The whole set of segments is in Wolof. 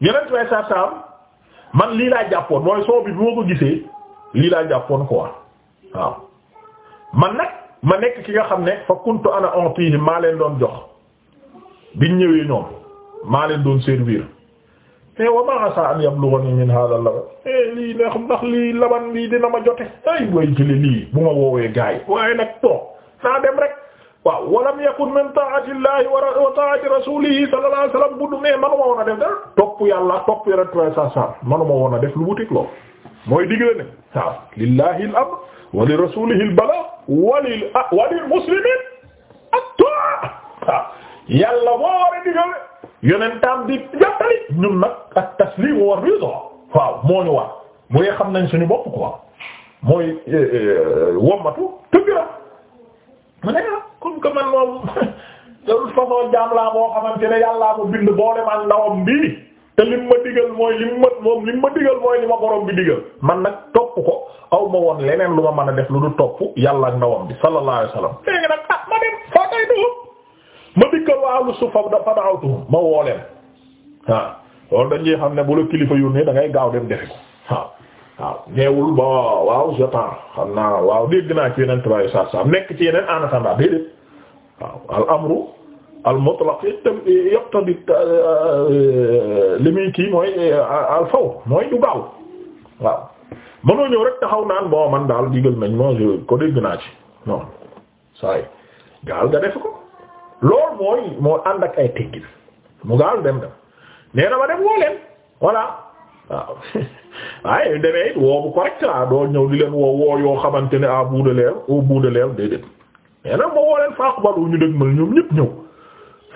yeneen way sa saam man lii laa jàppoon mooy soo bi moo ko gisee lii laa jàppoon quoi waaw man nag ma nekk ki nga xam ne fa kuntu ana ontihim maa leen doon jox biñ ñëwee ñoom maa leen doon servir mais eh, wa ma asa an yablughani min hadha la laban eh, lii neex ndax lii laban lii dina ma jote ay way jële lii bu ma woowee gaay waaye nag toog naa dem rek waaw walam yakun min taati llahi wa taati rasulihi sallallahu alayhi wasallam buddu mais manuma woon a def dara topp yàlla topp yonent way sa sa manuma woon a def lu wutik lool mooy digle ne waaw lillahi al amr wa li rasulihi al bala wa lil wa lil muslimin at-ta'a waaw yàlla moo war a digal yonentam di jàttali ñun nag ak taslim wa rida waaw moo ñu war mu ngi xam nañ suñu bopp quoi mooy eh, eh, wommatu tëgg la mu ne ah, comme que man moom de toute façon jaam yàllaa ko bind boole man ndawam bii te lim ma digal mooy lim ma moom lim ma digal mooy li ma borom bi digal man nag topp ko aw ma woon leneen lu ma man a def lu du topp yàlla ak ndawam bi sallallahu alayhi wasallam léegi nag ah ma dem ma dikkal waa lu suuf fa dafa dawtuhum ma woo leen loolu dañuy xam ne bu la kilifa yónnee da ngay gaaw dem defi ko waaw waaw ñeewul ba waaw je xam naa waaw dégg naa ci yeneen tubaab waaw al amru al mutlaq yaqtadi euh, li muy kii mooy euh, al fawr mooy du gaaw waaw mënoo ñëw rek taxaw naan bon man daal digal nañ moo je ko dégg naa ci non saa yi gaal nga def ko loolu mooy moo ànd ak ay teggin mu gaal dem dem nee na ma dem woo leen voilà waaw demee woo bu correct laa doo ñëw di leen woo woo yoo xamante ne à ah, bout de l'heure au bout de mais nag moo woo leen faaqbalu ñu dégmal ñu ñëpp ñëw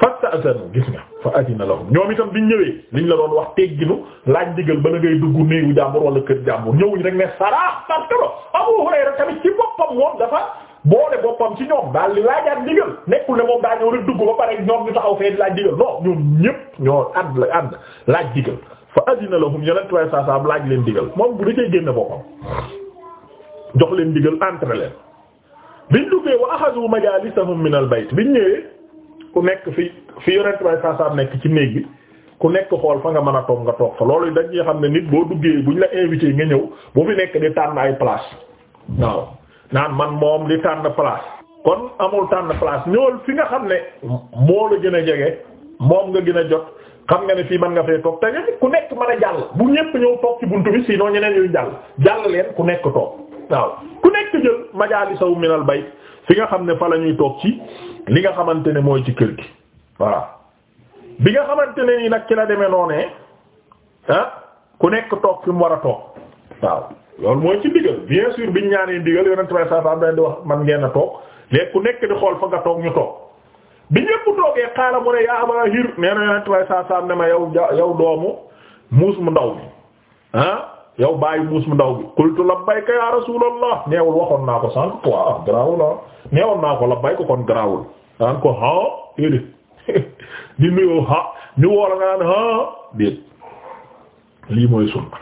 fasta'zanu gis nga fa adina lahum ñoom itam biñ ñëwee liñ la doon wax laaj digal bala ngay dugg néegu wala kër jàmbur ñëwuñ rek ne saraax sartalo Abu dafa boole boppam ci ñoom daal di laajaat digal nekkul ne moom daa ñëw rek ba pare ñoom ñu taxaw fee di laaj digal non ñoom ñëpp ñoo ànd la ànd laaj digal fa adina lahum yenent way saasaam laaj leen digal moom bu da cey génn boppam jox leen digal entre leen biñ duggee wa axadu majalisahum min al bayt biñ ñëwee ku nekk fi fi yonent bay saasaam nekk ci néeg bi ku nekk xool fa nga mën a toog nga toog fa loolu dañuy xam ne nit boo duggee buñ la invité nga ñëw bu fi nekk di tànn ay place waaw naan man moom di tànn place kon amul tànn place ñëwal fi nga xam ne moo la gën a jege moom nga gën a jot xam nga ne fii mën nga fee toog te ku nekk mën a jàll bu ñépp ñëw toog ci buntu bi sinon ñeneen ñuy jàll jàll leen ku nekk toog jël majaalisaw minal bayt fi nga xam ne fa la ñuy toog ci li nga xamante ne mooy ci kër gi voilà bi nga xamante ne nii nag ci la demee noonee ah ku nekk toog fi mu war a toog waaw loolu mooy ci ndigal bien sûr biñ ñaanee ndigal yonent bi sallallahu alayhi di wax man ngeen a toog léegi ku nekk di xool fa nga toog ñu toog bi ñëpp toogee xaala mu ne yaa Abaa Hir nee na yonent bi sallallahu ne ma yow yow doomu muus mu ndaw mi ah? yow bàyyi muus mu ndaw bi qultu labbayka ya rasulallah neewul waxoon naa ko sànq quoi ah, garaawul ah neewoon naa ko labbayka kon garaawul daan ko ah déedéet di nuyoo ah ñu woola nga naan ah déet lii mooy sunna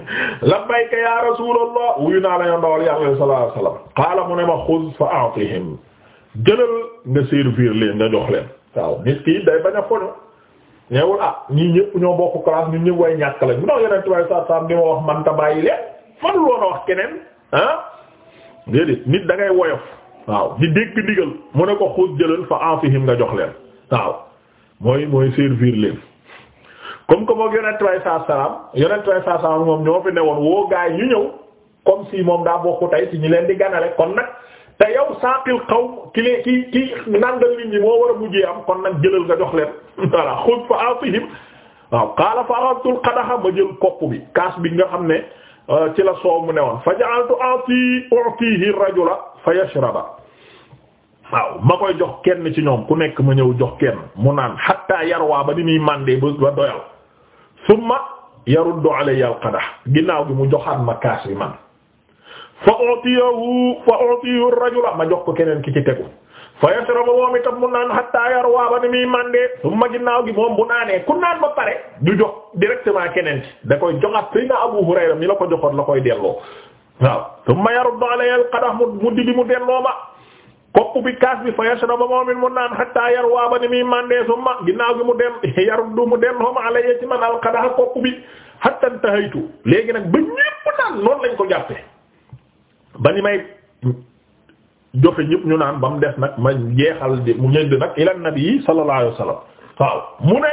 labbayka ya rasulallah wuyu naa la ndawal yàlla sallallahu alayhi wasallam qaala mu ne ma xuz fa a'tihim jëlal nga servir leen nga jox leen waaw nit ki day bañ a foñu neewul ah ñii ñëpp ñoo bokk classe ñun ñëpp way ñàkk lañ ndax yeneen tubaab saa saa di ma wax man ta bàyyi leen manul woon a wax keneen ah déedéet nit da woyof waaw di dégg ndigal mu ne ko xuus jëlal fa anfihim nga jox leen mooy mooy servir leen. comme que moom yonent way saa salaam yonent moom ñoo fi newoon woo gaay ñu ñëw comme si moom daa bokku tey si ñu leen di ganale kon nag te yow saaqil qawm ki lee ki ki nandal nit ñi moo war a mujjee am kon nag jëlal nga jox leen voilà xud fa atihim waaw qaala fa aradtul qadaha ma jël kopp bi kaas bi nga xam ne euh, ci la soow mu ne woon fa ja'altu ati utihi rajula fa yashraba waaw ma koy jox kenn ci ñoom ku nekk ma ñëw jox kenn mu naan hatta yarwaa ba ni muy màndee ba doyal summa yaruddu alayya al qadah ginnaaw gi mu joxaat ma kaas bi man fa utiyahu fa utiyahu rajula ma jox ko keneen ki ci tegu fa yasrabu moom itam mu naan hatta yarwa ba ni muy màndee su ma ginnaaw gi moom bu naanee ku naan ba pare du jox directement keneen ci da koy joxat Seydina Abu Hurayra mi la ko joxoon la koy delloo waaw thumma yaruddu alayhi al-qadah mu didi mu delloo ma kopp bi kaas bi fa yasrabu moom it mu naan hatta yarwa ba ni muy màndee su ma ginnaaw gi mu dem yaruddu mu delloo ma alayhi ci man al bi hatta intahaytu léegi nag ba ñépp naan noonu lañ ko jàppee ba ni may joxe ñëpp ñu naan ba mu des nag ma jeexal mu ñënd nag ila nabi sallallahu alayhi wasallam waaw mu ne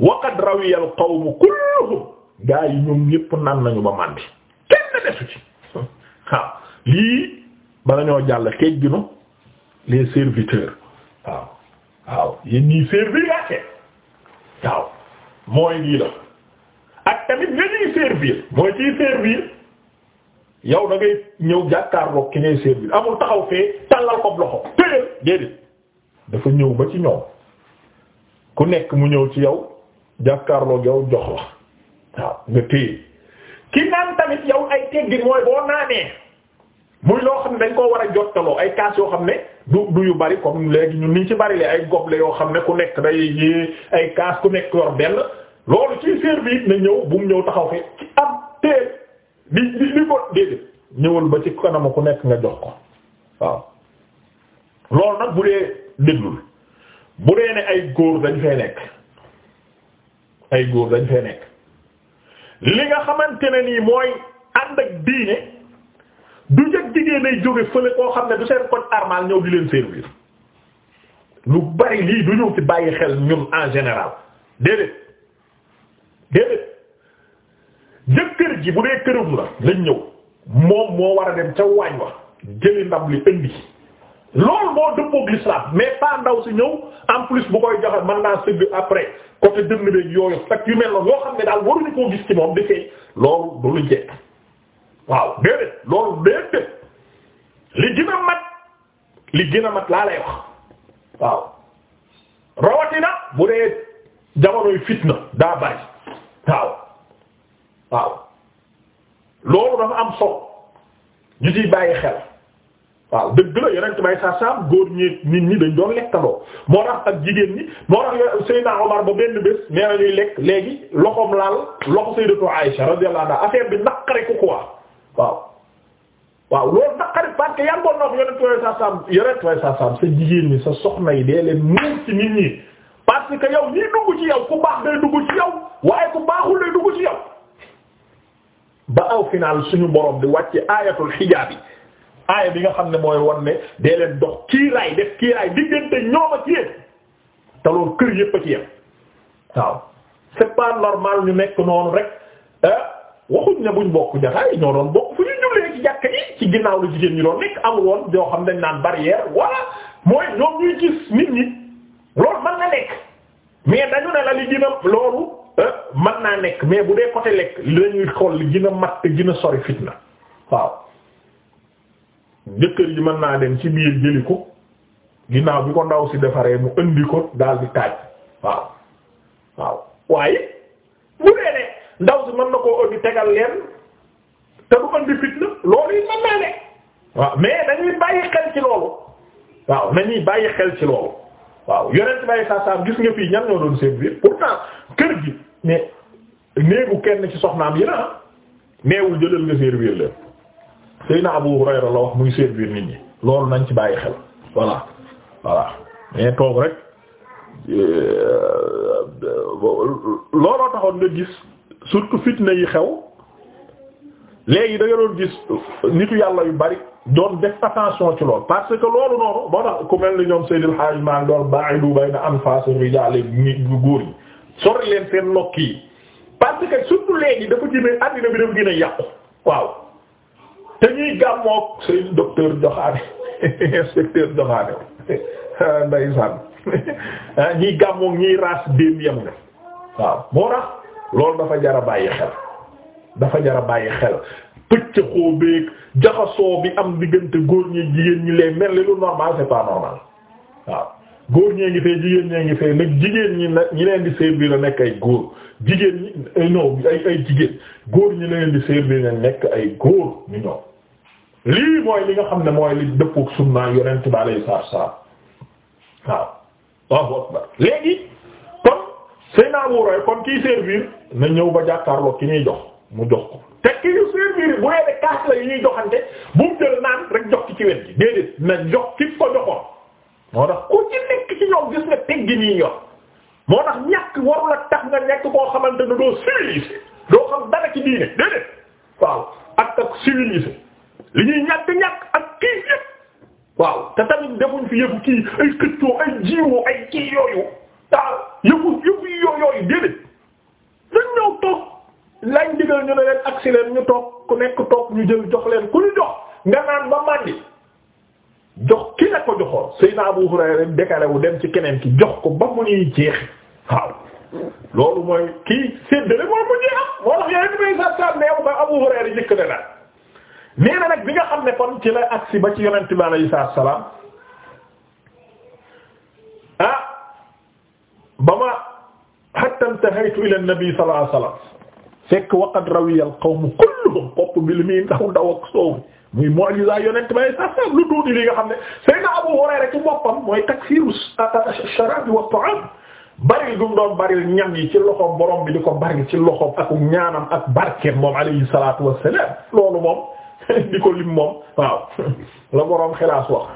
waqad rawiya al qawmu kulluhum gaa yi ñoom ñëpp naan nañu ba màndi kenn desu ci waaw lii bala ñoo jàll tegginu les serviteurs waaw waaw yéen ñii servir ake waaw mooy lii la ak tamit nga ñuy servir mooy ciy servir yow da ñëw jàkkaarloog ki ngay servir amul taxaw fee tàllal ko loxo téyel dafa ñëw ba ci ñoom ku nekk mu ñëw ci yow jàkkaarloog yow jox la waaw nga téye ki naan tamit yow ay teggin mooy boo naanee muy loo xam ne dañ koo war a jottaloo ay kaas yoo xam ne du du yu bari comme léegi ñun niñ ci bari la ay goble yoo xam ne ku nekk day ay kaas ku nekk yor benn loolu ci servir na ñëw bu mu ñëw taxaw fi am téye di di di ko déedéet ñëwal ba ci kanama ku nekk nga jox ko waaw loolu nag bu dee déglul bu dee ne ay góor dañ fay nekk ay góor dañ fay nekk li nga xamante ne nii mooy ànd ak diine du jëkk jigéen ay jóge fële koo xam ne du seen koñ armal ñëw di leen servir lu bari lii du ñëw ci bàyyi xel ñun en général déedéet déedéet jëkkër ji bu dee këram la lañ ñëw moom moo war a dem ca waañ wa jëli ndab li indi loolu moo dëppook l'islam mais pas ndaw si ñëw en plus bu koy joxe mën naa sëgg après côté dënn beeg yooyu ak yu mel noonu yoo xam ne daal waruñu koo gis ci moom defee loolu du lu jekk waaw déedéet loolu déedéet li gën a mat li gën laa lay wax waaw rawatina bu dee jamonoy fitna daa bari waaw. waaw loolu dafa am solo ñu ciy bàyyi xel waaw dëgg la yonent bay sa saam góor ñi nit ñi dañ doon lekkandoo moo tax ak jigéen ñi moo tax Seydina Omar ba benn bés nee na ñuy lekk léegi loxoom laal loxo Sayyidatu Aïsha radiyallahu anha affaire bi naqari ko quoi waaw waaw loolu naqari parce que yan boon na wax yonent bay sa saam yonent bay sa saam sa jigéen ñi sa soxna yi dee leen muur ci nit ñi parce que yow ñii dugg ci yow ku baax day dugg ci yow ba aw final suñu borom di wàcce aayatul xijaab yi aaya bi nga xam ne mooy won ne dee leen dox kiiraay def kiiraay diggante ñoom ak yéen te loolu kër yépp a ci yem waaw c'est normal ñu nekk noonu rek ah waxuñ ne buñ bokk jataay ñoo doon bokk fu ñu jullee ci jàkka yi ci ginnaaw la jigéen ñi doon nekk amul woon xam dañ naan barrière wala mooy ñoom ñuy gis nit ñi loolu mën na nekk mais dañu ne la li gën loolu. Euh, man naa nekk mais bu dee côté lekk lañuy xool li gën a mat te gën a sori fitna waaw jëkkër ji mën naa dem ci biir jëli ko ginnaaw bi ko ndaw si defaree mu indi ko daal di taaj waaw waaw waaye bu dee ne ndaw si mën na ko indi tegal leen te du indi fitna loolu yi mën naa ne waaw mais dañuy bàyyi xel ci loolu waaw nañuy bàyyi xel ci loolu waaw yonent bàyyi saa saa gis nga fii ñan ñoo doon servir pourtant kër gi ne néegu kenn ci soxnaam yi na neewul jëlal nga servir leen Seydina Abu Hurayra la wax muy servir nit ñi loolu nañ ci bàyyi xel voilà voilà mais toog rek euh, looloo taxoon nga gis surtout fitna yi xew léegi da nga doon gis nitu yàlla yu bari doon def attention ci lool parce que loolu noonu moo tax ku mel ni ñoom Seydil Hajj maa ngi doon ba'idu bayna anfas ar-rijal góor yi sori leen seen nokk yi parce que surtout léegi dafa jëmee addina bi dafa gën yàqu waaw te ñuy gàmmoog seen docteur joxaane inspecteur joxaane ndeysaan ah ñuy gàmmoog ñuy raas démb yam ne waaw moo tax loolu dafa jara a bàyyi xel dafa jar a bàyyi xel pëcc xóobeeg jaxasoo bi am diggante góor ñi jigéen ñi lay mel lu normal c'est pas normal waaw góor ñee ngi fee jigéen ñee ngi fee nag jigéen ñi nag ñi leen di servir la nekk ay góor jigéen ñi eh, non ay ay jigéen góor ñi leen di servir la nekk ay góor ñu ñoom lii mooy li nga xam ne mooy li dëppook sunna yonent bi alayhi salaatu salaam waaw Allahu akbar léegi kon sëy naa wuurooy kon kiy servir na ñëw ba jàkkaarloo ki ñuy jox mu jox ko te ki ñu servir bu dee de kaas la yi ñuy joxante bu mu jël naan rek jox ki ci wet gi déedéet na jox ki ko moo tax ku ci nekk ci ñoom gis nga teggi nii yor moo tax ñàkk warul a tax nga nekk koo xamante ne doo civilisé doo xam dara ci diine déedéet waaw ak ak civilisé li ñuy ñàkk-ñàkk ak kii yëpp waaw te tamit defuñ fi yëfu kii ay xëccoo ay jiwoo ay kii yooyu waaw yëfu yëfu yooyu déedéet dañ ñëw toog lañ digal ñu ne leen agsi leen ñu toog ku nekk toog ñu jël jox leen ku ñu jox nga naan ba màndi jox ki la ko joxoon Seydina Abu Hurayra décalé wu dem ci keneen ki jox ko ba mu ñuy jeexi waaw loolu mooy kii séddale moom mu jeex moo tax yooyu ni may saab saab neewu Abu Hurayra jëkk ne nag nee na nag bi nga xam ne kon ci lay agsi ba ci yonent bi alayhi salaam ah ba ma hatta intahaytu ila an-nabi sallallahu alayhi wasallam fekk waqad rawiya al-qawm kulluhum kopp bi li muy ndaw ndaw ak soow muy mu'jiza yonent bay sax sax lu tuuti li nga xam ne Seydina Abu Hurayra ci boppam mooy takfiru sharaab wa ta'aam baril gum doon bari ñam yi ci loxoom borom bi di ko baril ci loxo ak ñaanam ak barkeem moom alayhi salaatu wassalaam loolu moom di ko lim moom waaw la borom xilaas wax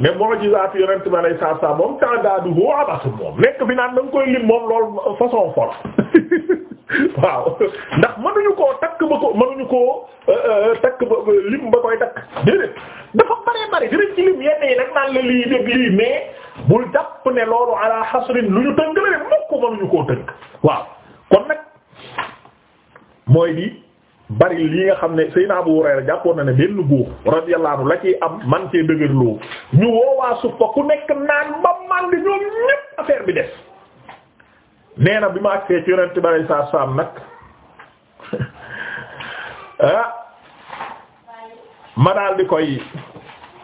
mais mu'jizaatu yonent bi alayhi salaatu wassalaam moom ta'daaduhu abasun moom nekk fi naan da nga koy lim moom loolu façon for waaw ndax mënuñu koo takk ba ko mënuñu koo euh, euh, takk ba lim ba koy takk déedéet dafa bare bare dinañ ci lim yenn yi nag naan la lii dég lii mais bul jàpp ne loolu ala xasrin lu ñu tënk la de mukk mënuñu koo tënk waaw kon nag mooy di bari lii nga xam ne Seydina Abu Hurayra jàppoon na ne benn góor radiyallahu anhu la ciy am man cee dëgërloo ñu woowaa suuf ku nekk naan ba man di ñoom ñépp affaire bi des nee bi ma agsee ci yonent bi alay saa nag ah ma daal di koy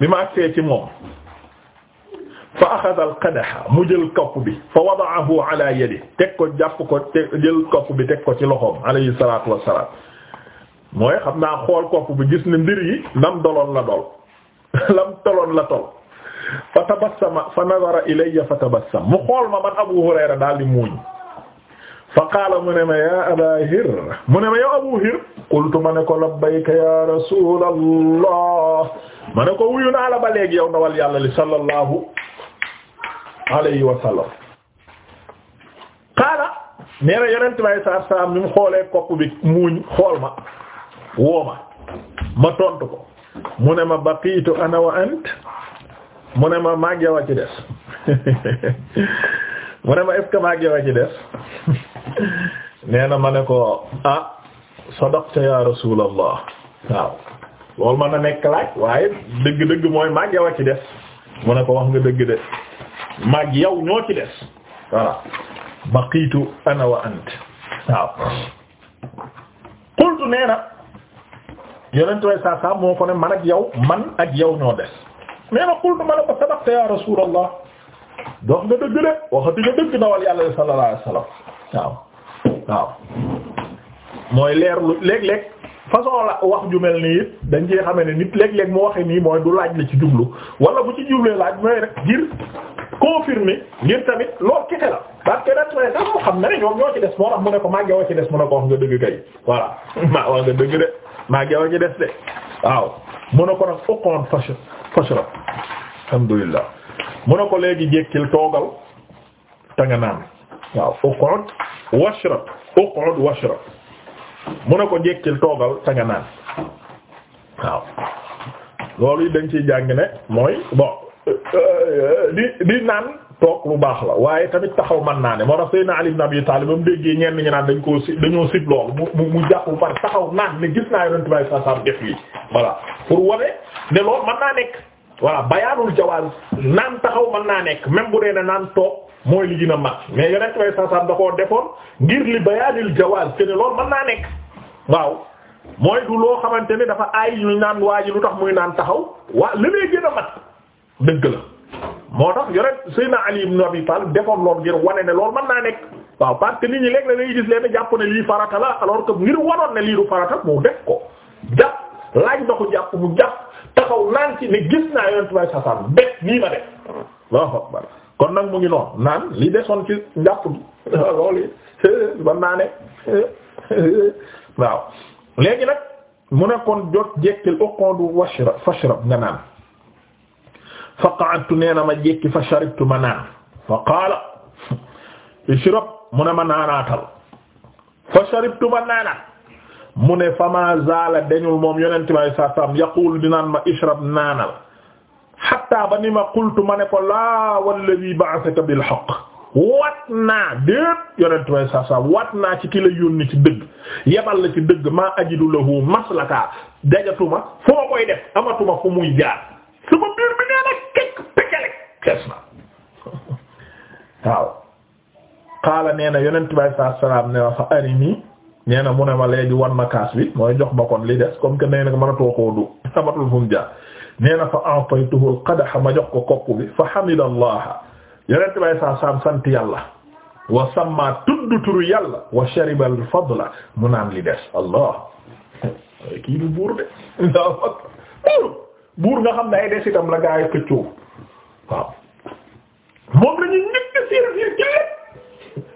bi ma agsee ci moom fa axada al qadaha mu jël kopp bi fa wada'ahu ala yadi teg ko jàpp ko jël kopp bi teg ko ci loxoom alayhi salaatu wassalaam mooy xam naa xool kopp bi gis ne mbir yi lam doloon la dol lam toloon la tol fa tabassama fa nazara ilayya fa tabassam mu xool ma man Abu Hurayra daal di muuñ fa qaala mu ne ma ya aba hir mu ne ma yow abu hir qultu ma ne ko labbayka ya rasulallah ma ne ko wuyu naa la ba léegi yow wal yàlla li sallallahu alayhi wa sallam qaala nee na yonent may sar saam ni mu xoolee kopp bi muuñ xool ma wooma ma tontu ko mu ne ma baqiitu ana wa ant mu ne ma maag yow a ci des mu ne ma est-ce maag yow a ci des nee na ma ne ko ah sadaqta ya rasulallah waaw loolu mën na nekk laaj waaye dëgg-dëgg mooy mag yow a ci des mu ne ko wax nga dëgg de mag yow ñoo ci des voilà baqiitu ana wa ant waaw qultu nee na way saa saa moo ko ne man ak yow man ak yow ñoo des nee na qultu ma ne ko sadaqta ya rasulallah dox nga dëgg de waxati nga dëgg dawal yàlla sallallahu alayhi wasallam waaw waaw mooy leer lu léeg-léeg façon la wax ju mel nii dañ cee xamee ne nit léeg-léeg mu waxe nii mooy du laaj la ci jublu wala bu ci jublee laaj mooy rek ngir confirmer ngir tamit loolu kese la parce que naturel daal moo xam ne ne ñoom ñoo ci des moo tax mu ne ko màgg wa ci des mu ne ko wax nga dëgg kay voilà maa wax nga dëgg de màgg wa ci des de waaw mu ne ko nag uqoon fash fashra alhamdulillah mu ne ko léegi jékkil toogal te waaw uq'ud washrab uq'ud washrab mu ne ko njëkkil toogal ta nga naan waaw loolu yi dañ ciy jàng ne mooy bon euh, euh, di di naan toog lu baax la waaye tamit taxaw man naa ne moo tax Seydina Ali ibn Abi Talib ba mu déggee ñenn ñi naan dañ koo si dañoo sib loolu mu mu jàpp par taxaw naan ne gis naa Yonent bi saa saa def lii voilà pour wane ne loolu mën naa nekk voilà bayaanul jawaaz naan taxaw mën naa nekk même bu dee ne naan toog. mooy li gën mat mais yonent way sasam da koo defoon ngir li bayaanil jawaaz te ne lool mën naa nekk waaw mooy du loo xamante ni dafa aay ñu naan waa ji lu tax muy naan taxaw waa li lay gën a mat dëgg la moo tax yonent Seydina Ali ibn Abi Talib defoon loolu ngir wane ne loolu mën naa nekk waaw parce que nit ñi léeg la lay gis leen jàpp ne lii farata la alors que ngir waroon ne lii du farata mu def ko jàpp laaj ndoxu jàpp mu jàpp taxaw naan ci ne gis naa yonent way sasam kon nag mu ngi noonu naan li desoon ci njàpp gi loolu ban naa ne waaw léegi nag mu ne kon jot jekkil uqodu washra fashrab nga naan fa qa'adtu na ma jekki fa sharibtu ma naan fa qaala ishrab mu ne ma naanaatal fa sharibtu ma naanaat mu ne fa ma zaala dañul moom yonent may sa sam yaqulu dinaan ma ishrab naanal xatta ba ni ma qultu ma ne ko laa walladhi ba'athaka bil haqq wat naa déet yonent way saa wat naa ci ki la yónni ci dëgg yebal la ci dëgg maa ajidu lahu maslaka dajatuma foo koy def amatuma fu muy jaar su ma biir bi nee na kekk pekkale xees na waaw xaala nee na yonent bay saa ne ma fa arini nee na mu ne ma léegi wan ma kaas bi mooy jox ma kon li des comme que nee na mënatoo koo du amatul fu jaar nee na fa a'taytuhu al-qadaha ma jox ko fa hamida allah yonent bay saa saam sant yàlla wa samma tudd turu yàlla wa shariba al-fadla mu naan li des allah kii du buur de buur nga xam ne ay des itam la gaa yi xëccoo waaw moom siir siir jëlee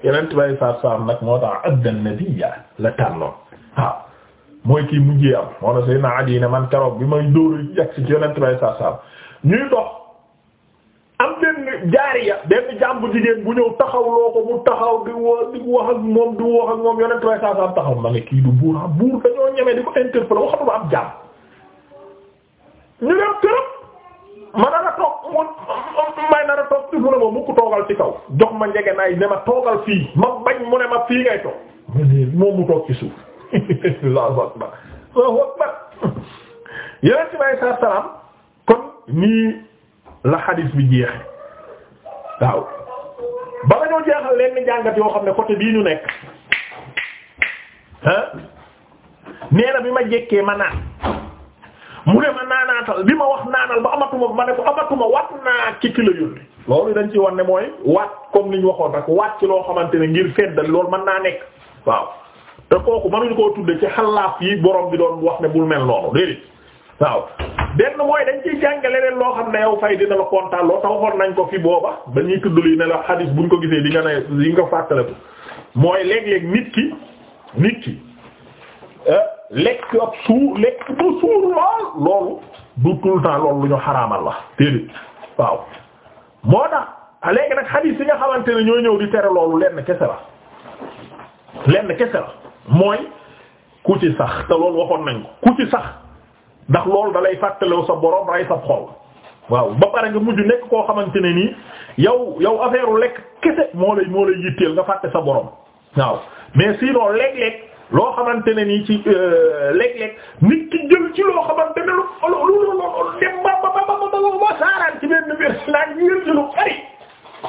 yonent bay saa saam nag moo tax adda nabiyya la tànnoon mooy kii mujjee am moo na Seydina Adi ne man keroog bi may dóor yegg si ci yonent bay saa saam ñuy dox am benn jaariya benn jàmbu jigéen bu ñëw taxaw loo taxaw di wo di wax ak moom di wax ak moom yonent bay saa taxaw ma ne kii du buur am ah buur dañoo ñeme di ko interpeller waxatu ba am jàmm ñu dem këram ma nar a toog mu may nar a toog mu ne ma mukk toogal ci kaw jox ma njege naay ne ma toogal fii ma bañ mu ne fii ngay toog moom mu toog ci suuf Allahu akbar bi waaw ba nga ñoo jeexal jàngat yoo xam ne côté bii ñu nekk ah bi ma jekkee ma naan mu ne ma naanaatal bi ma wax naanal ba amatuma ma ne ko amatuma wat naa loolu dañ ci wan ne mooy waat comme ni ñu waxoon rek waat ci loo xamante ne ngir feddal loolu mën naa nekk waaw te kooku mënuñu koo tudde ci xalaaf yi borom bi doon wax ne bul mel noonu déedéet waaw benn mooy dañ ciy jàngale leen loo xam ne yow fay dina la kontaan loo tax waxoon nañ ko fi booba dañuy tudd li ne la xadis buñ ko gisee di nga ne di nga fàttaliku mooy léeg-léeg nit ki nit ki eh, lekk ab suur lekk bu suur lool loolu du tout loolu ñu xaraamal la déedéet waaw moo tax léegi nag xadis yi nga xamante ne ñoo ñëw di tere loolu lenn kese la lenn kese la. mooy ku ci sax te loolu waxoon nañ ko ku ci sax ndax loolu dalay fàttalew sa borom rey sa xol waaw ba pare nga mujj nekk koo xamante ne nii yow yow affaire u lekk kese moo lay moo lay yitteel nga fàtte sa borom waaw mais sinon léeg-léeg loo xamante ne nii ci léeg-léeg nit ki jël ci loo xamante ne lu lu lu dem ba ba ba ba ba saaraan ci benn mbir naan jël ci lu bari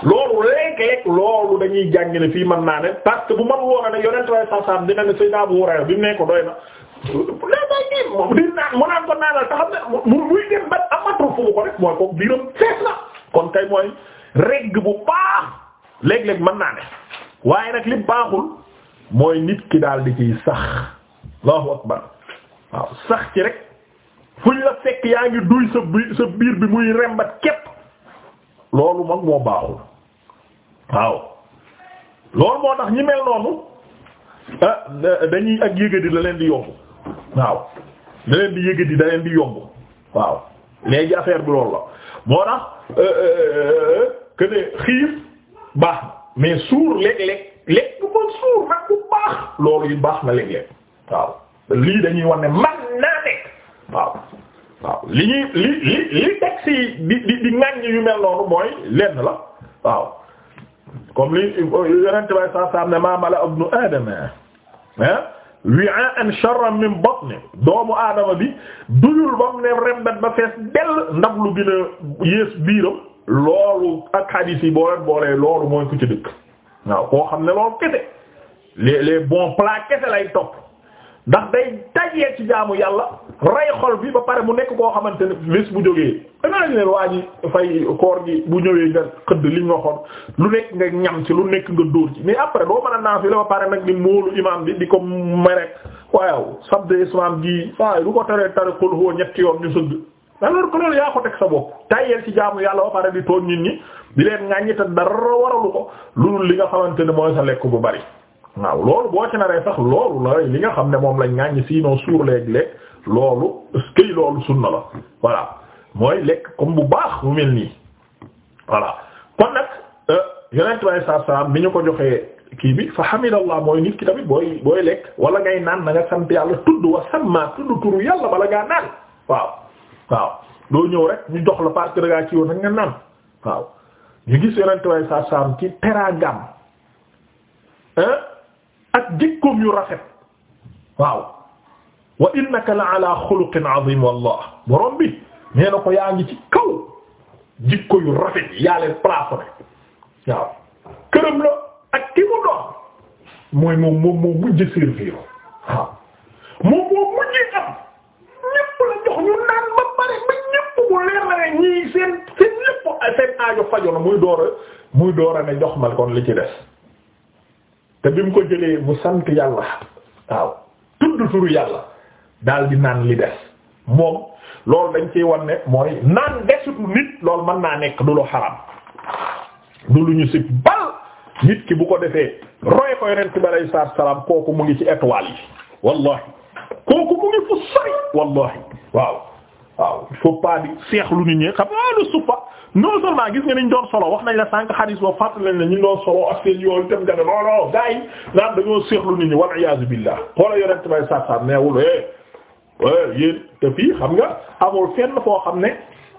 loolu léeg-léeg loolu dañuy jàng ne fii mën naa ne parce que bu man woon ne yonent way sasam dina ne Seydina mu ne ko doy na léeg-léeg nii ko naanal te xam ne mu muy dem ba amatu fu ko rek mooy ko biiram fees na kon tey mooy regg bu baax léeg-léeg mën naa ne waaye nag li baaxul mooy nit ki daal di ciy sax Allahu akbar waaw sax ci rek fuñ la fekk yaa ngi duy sa biir sa biir bi muy rembat képp loolu mag moo baaxul waaw loolu moo tax ñi mel noonu ah, dañuy ak yëgadi la leen di yomb waaw da leen di yëgadi da leen di yomb waaw léegi affaire bi loolu la moo tax euh, euh, euh, que ne xiif baax mais suur léeg-léeg lekk bu suur nag bu baax loolu yi baax na léeg-léeg waaw lii dañuy wax ne man naa nekk waaw waaw li ñuy li li li tax yi di di di ŋaññi mooy lenn la waaw comme li yonent bay saa ah, doomu aadama bi duyul ba mu ne rembat ba fees dell ndab lu gën a yées biiram loolu ak hadis yi boo leen loolu mooy ku ci dëkk waaw koo xam ne loolu kese les les bons plats kese lay topp. ndax day dajee ci jaamu yàlla rey xol bi ba pare mu nekk koo xamante ne bés bu jógee danga leen waa ji fay koor gi bu ñëwee nga xëdd liñ waxoon lu nekk nga ñam ci lu nekk nga dóor ci mais après doo mën a naan fi la ba pare nag ni moolu imaam bi di ko merek waaw sabde islam gi waaye lu ko teree tari xol hoo ñetti yoon ñu sëgg alors que loolu yaa ko teg sa bopp tayel ci yàlla ba pare di toog nit ñi di leen ŋàññi te dara waralu ko lu li nga xamante ne mooy sa lekk bu bari waaw loolu boo ci naree sax loolu la li nga xam ne moom lañ ñaañ sinon suur léeg-léeg loolu këy loolu sunna la voilà mooy lekk comme bu baax mu mel nii voilà kon nag euh, yonent bi alayhi salaatu salaam ñu ko joxee kii bi fa hamidallah mooy nit ki tamit booy booy lekk wala ngay naan na nga sant yàlla tudd wa samma tudd turu yàlla bala ngaa naan waaw waaw doo ñëw rek ñu jox la parce que da ngaa ci woon nag nga naan waaw ñu gis yonent bi alayhi ak jikkoom yu rafet waaw wa innaka la ko yaa ngi ci kaw jikko yu rafet yaa leen placé waaw këram la ak mu doon mooy moom moom moo mujj servir la jox ñu naan ba pare ba ñépp bu leer na ñii seen seen lépp seen aajo fajoon muy door a jox ma kon li ci des te bi mu ko jëlee mu sant yàlla waaw tudd turu yàlla daal di naan li des moom loolu dañ ciy wan ne mooy naan desutu nit loolu mën naa nekk du lu xaram du lu ñu si bal nit ki bu ko defee roye ko yonent bi alayhi salaam kooku mu ngi ci étoile yi wallahi kooku mu ngi fu sori wallahi waaw waaw il faut seex lu nit ñi xam nga ah lu suppa non seulement gis nga niñ doon solo wax nañ la sànq xadis boo nañ ne ñu doon solo ak seen yoon itam nga ne non non gars yi naan dañoo wal iyaazu billah xoola yorent bay sasan xam nga amul fenn foo xam ne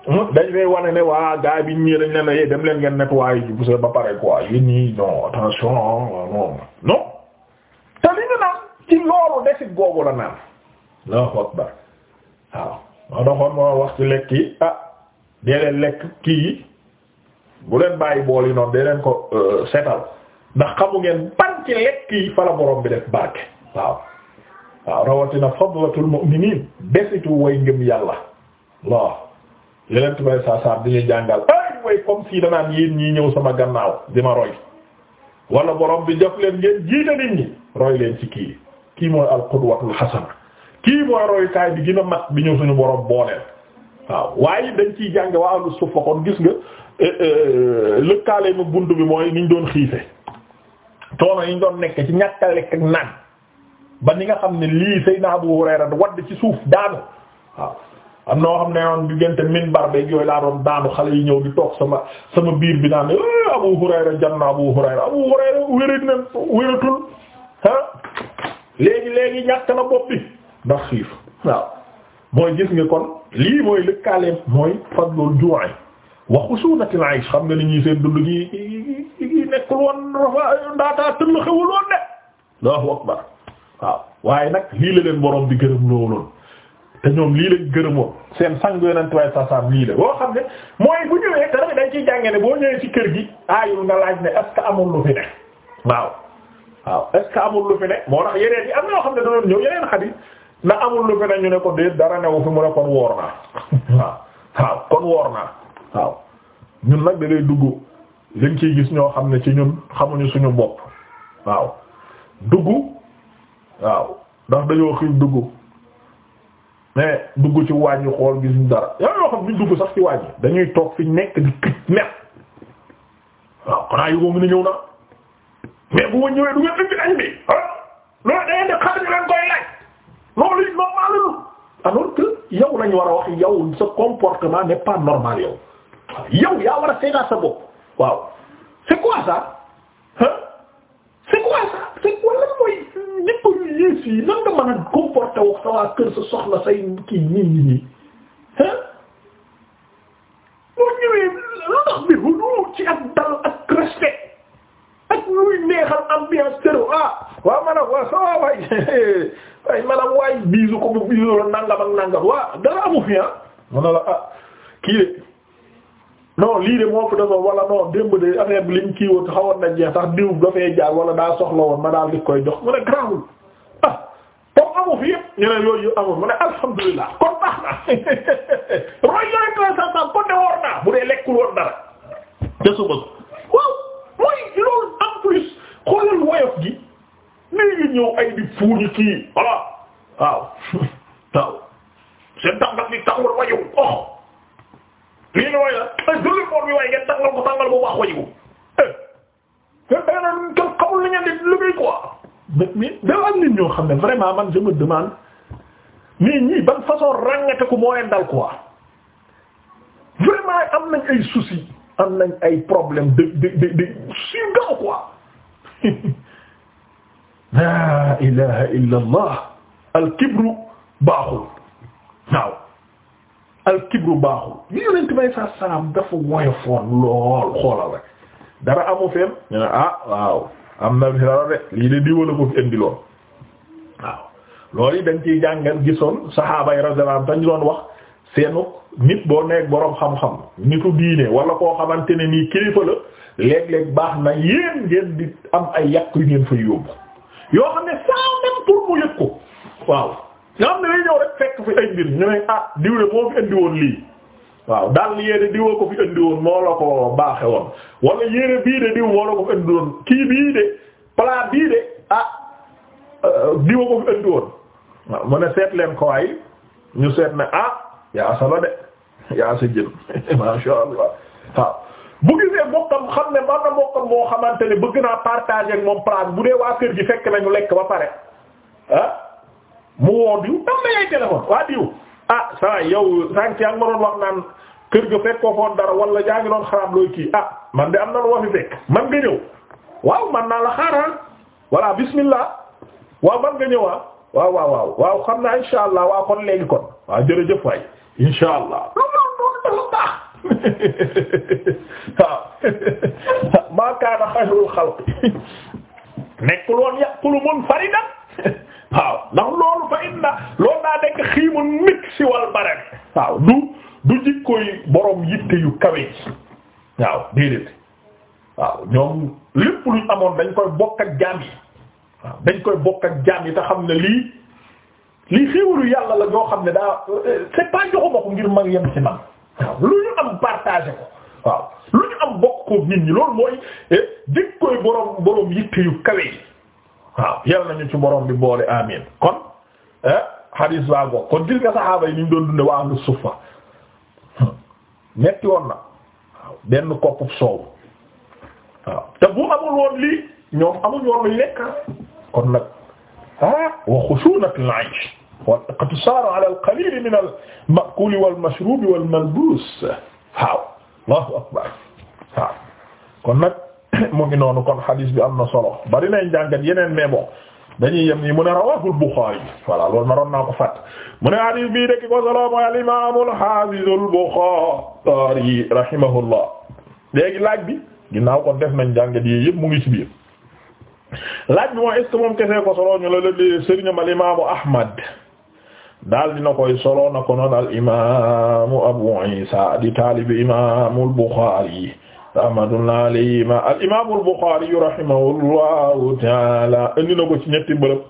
dañ lay wane ne waa gars bi ñii dañ leen ne eh, dem leen ngeen nettoyer bu ba pare quoi yéen ñii non attention non non te li la naan waaw moo taxoon moo wax ci lekk yi ah dee leen lekk kii yi bu leen bàyyi bool yi noonu dee leen ko euh, setal ndax xamu ngeen ban ci lekk yi fa la borom bi def barke waaw waaw rawatina fadlatul mu'minin besitu way ngëm yàlla loo yeneen tubay saa saa di ñu jàngal ay way comme si danaan yéen ñii ñëw sama gannaaw di ma roy wala borom bi jox leen ngeen jiite nit ñi roy leen ci kii kii mooy al qudwatul hasana kii mooy royukaay bi gën a mat bi ñëw suñu borom booleel waaw waaye dañ ciy jànge waa ahlu sufa kon gis nga eh, eh, lëkkaale ma bunt bi mooy niñ doon xiife coono yi ñu doon nekk ci ñàkk a lekk ak naan ba ni nga xam ne lii Seydina Abu Hurayra wadd ci suuf daanu waaw am noo xam ne yoon diggante minbar beeg yooyu laa doon daanu xale yi ñëw di toog sama sama biir bi naan eh, Abu Hurayra janna Abu Hurayra Abu Hurayra wérat na wératul léegi léegi ñàkk na bopp ndax xiif waaw mooy gis nga kon lii mooy lëkkaaleem mooy fadlul ju'i wa xusunatil aish xam nga ni ñuy seen dund gi gi nekkul woon dafa ndaataa tëll xewul woon de Allahu akbar waaw waaye nag lii la leen borom di gërëm looloon te ñoom lii lañ gërëmoon seen sang yonent waaye sasam lii la boo xam ne mooy bu ñëwee te rek dañ ciy jànge ne boo ñëwee ci kër gi aayul nga laaj ne est amul lu fi ne waaw waaw est amul lu fi ne moo tax yeneen yi am na xam ne danoon ñëw yeneen xadiis na amul lu fi ñu ne ko déet dara newu fi mu ne kon woor naa hmm. waaw kon woor naa waaw ñun nag da lay dugg liñ ciy gis ñoo xam ne ci ñun xamuñu suñu bopp waaw duggu waaw ndax dañoo xiif dugg mais dugg ci waañ yi xool gisuñ dara yaa yoo xam ñu dugg sax ci waañ yi dañuy toog fi nekk di këj mer waaw xanaa yu ko mu ne ñëw naa mais bu ma ñëwee du añ bi ah! loolu day indi xar ñu leen koy laaj loolu it normal alors que yow lañu wax yow sa comportement n'est pas normal yow waaw yow yaa war a seetaan sa bopp waaw c'est quoi ça hein c'est quoi ça c'est quoi lan mooy ñëpp ñu yées yi tax bi hudu ci ak dal ak respect ak luy neexal ambiance tero ah waaw maanaam waaw ça va waay ko bu biisu la nangam ak nangam waaw dara amu fi ah. mu ne la ah kii de non lii de moo fi desoon wala non démb de affaire bi liñ kii woon xawoon na jeex sax diw dafay jaar wala daa soxla woon ma daal di koy jox mu ne garaawul ah comme amu fi yëpp yooyu amul mu ne alhamdulilah kon baax na roy yore kër sa de woor bu dee lekkul woon dara. te su bëgg waaw mooy loolu en plus xoolal woyof gi. lii ngi ñëw ay di fuuñu kii voilà waaw waaw seen tàngal bi tàngal wayu oh lii nga ay julli boor bi waaye ngeen tàngal ko tàngal bu wax wayu te beneen kenn xamul li ngeen di liggéey quoi mais mais dafa am ñoo xam ne vraiment man je me demande mais ñii ban façon ràngate ko moo leen dal quoi vraiment am nañ ay soucis am nañ ay problèmes de de de de su gaaw laa ilaha illa allah alkibru baaxul waaw alkibru baaxul li yonent bay sa salaam dafa woyofoon lool xoolal rek dara amu fenn ah waaw am na dara de lii de diwa la ko fi indi lool waaw dañ ciy jàngal gisoon saxaaba yi radiyallahu doon wax seenu nit boo nekk boroom xam-xam nitu diine wala koo xamante ne nii kilifa la léeg-léeg baax na yéen ngeen di am ay yàq yu ngeen fay yóbbu yoo xam ne sans même mu yëg ko waaw nga xam ne lay ñëw rek fekk fi ay mbir ñu ne ah diwle moo fi indi woon lii waaw daal yee de diwoo ko fi indi woon moo la ko baaxe woon wala yére bii de diw moo la ko fi indi woon kii bii de plat bii de ah euh, diwoo ko fi indi woon waaw ne seet leen ko waaye ñu seet ne ah yaa sala de yaa sa masha Allah waaw bu gisee mbokkam xam ne man na mbokkam moo xamante ne bëgg naa partager moom place bu dee waa kër gi fekk nañu lekk ba pare ah mu woo diw am na yaay téléphone waa diw ah saa yow sànq yaa ngi ma doon wax naan kër gi fekk ko foon dara wala yaa ngi doon xaraab looy kii ah man de am na lu ma fi fekk man nga ñëw waaw man naa la xaaral voilà bismillah waaw man nga ñëw ah waaw waaw waaw xam naa insha allah waaw kon léegi kon waaw jërëjëf waay insha allah. loolu loolu loolu waaw maa kaana xayrul xalq nekkul woon yaqulu munfaridan waaw ndax loolu fa inna loolu nekk xiimun miksi wal barab waaw du du jikkoy borom yitte yu kawe ci waaw déedéet waaw ñoom lépp luñ amoon dañ koy bokk ak jaam yi waaw dañ koy bokk ak jaam yi te xam ne lii lii xéewalu yàlla la ñoo xam ne daa euh, c'est joxuma ko ngir mag yem ci man waaw lu ñu am partagé ko waaw lu ñu am bokk ko nit ñi loolu mooy eh, dëkk koy boroom boroom yitte yu kawe yi waaw yal nañu ci boroom bi boole amin kon eh, hadis baa kon gis nga saxaaba yi ni ñu doon dunde waa ahlu suffa metti woon na benn koppub soow waaw te bu amul woon lii ñoom amul woon luñ lekk kon nag ah su khushunatul aish wa iqtisaar ala al-qaliil min al-ma'kuul wal-mashruub wal-malbuus waaw Allahu akbar waaw kon nag mu ngi noonu kon xadiis bi am na solo bari nañ jàngat yeneen mais bon dañuy yem ni mu ne rawaahu al-Buxaari voilà loolu naroon naa ko fàtt mu ne xadiis bii de ki ko solo mooy al-imaam al-haafiz al-Buxaari rahimahullah léegi laaj bi ginnaaw kon def nañ jàngat yi yëpp mu ngi ci biir laaj bi mooy est-ce que moom kese ko solo ñu la leen di sëriñam al-imaam Ahmad daal dina koy solo na ko noon al imaamu Abu Isa di taalibi imaamul Buxaari rahmatullahi alayhi ma al imaamul Buxaari rahimahullahu taala indi na ko ci ñetti bërëb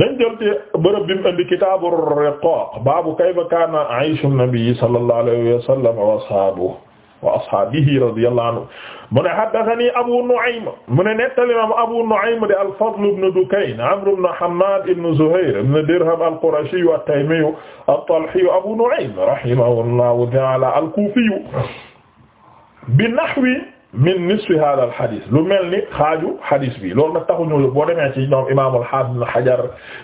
nañ jël ci bërëb bi mu indi kitaabu riqaaq baabu kayfa kaana ayshu nabi sallallahu alayhi wa sallam wa ashaabuhu wa ashaabihi radiyallahu anhu mu ne haddathani Abu Nu'aym mu ne nettali ma Abu Nu'aym de al-Fadl ibn Dukayn Amr ibn Hammad ibn Zuhayr ibn Dirham al-Qurashi at-Taymi at-Talhi Abu Nu'aym rahimahullahu ta'ala al-Kufi bi nahwi min nisfi hadha al-hadith lu mel ni xaaju hadith bi loolu nag taxuñu boo demee ci ñoom Imam al-Hafiz Ibn Hajar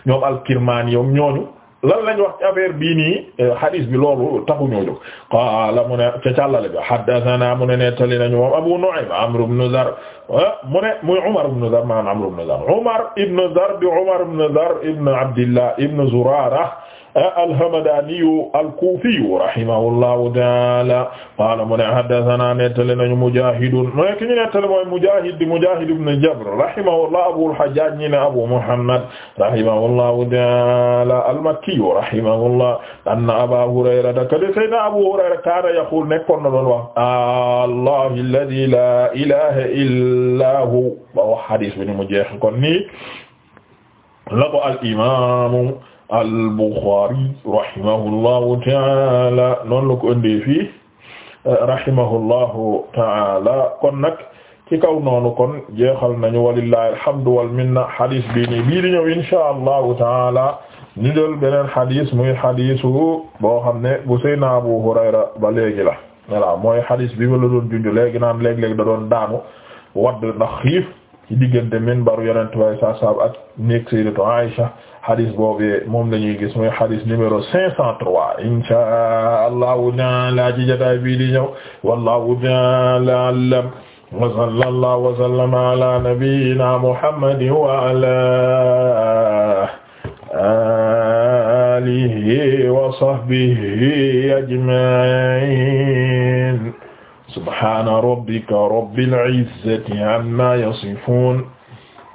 ñoom al-Kirmani ñoom ñooñu lan lañ wax ci affaire bii nii eh, hadis bi loolu taxuñoo jóg qaala mu ne ca càllale bi haddathana mu ne nettali nañu moom Abu Nu'aym Amr ibn Zar eh, mu ne muy Umar ibn Zar maanaam Amr ibn Zar Umar ibn Zar di Umar ibn Zar ibn Abdillah ibn Zurara alhamadaniyu alkufiyu rahimahullahu taala qaala mu ne haddathana nettale nañu mujahidun mu nekk ñu nettale mooy mujahid di mujahid ibn jabr rahimahullah abul hajjaj ñi ne abu muhammad rahimahullahu taala almakkiyu rahimahullah anna aba hurayrata kadi sayyidina abu hurayra kaana yaqul nekkoon na doon wax allahi alladhi la ilaha illa hu ba wax hadis bi ni mu jeex kon nii la ko al imamu al-Bukhari rahimahullahu taala noonu la ko ëndee fii rahimahullahu taala kon nag ci kaw noonu kon jeexal nañu walillahi alhamdu wal minna hadis bii nii bii di ñëw inshaa allahu taala ñu jël beneen hadis muy hadisu boo xam ne bu Seydina Abu Hurayra ba léegi la voilà mooy hadis bi ma la doon junj léegi naan léeg-léeg da doon daanu wadd ndax xiif ci diggante minbaru Yonent bi sallallahu alayhi wa sallam ak néeg Sayyidatu Aïcha xadis boobu moom la ñuy gis mooy xadis numéro 503 inshaa Allahu ta'ala ci jotaay bi di ñëw wallahu ta'ala a'lam wa sallallahu wa sallama ala nabiyyina Muhammadin wa ala alihi wa sahbihi ajma'in subhana rabbika rabbil izzati amma yasifun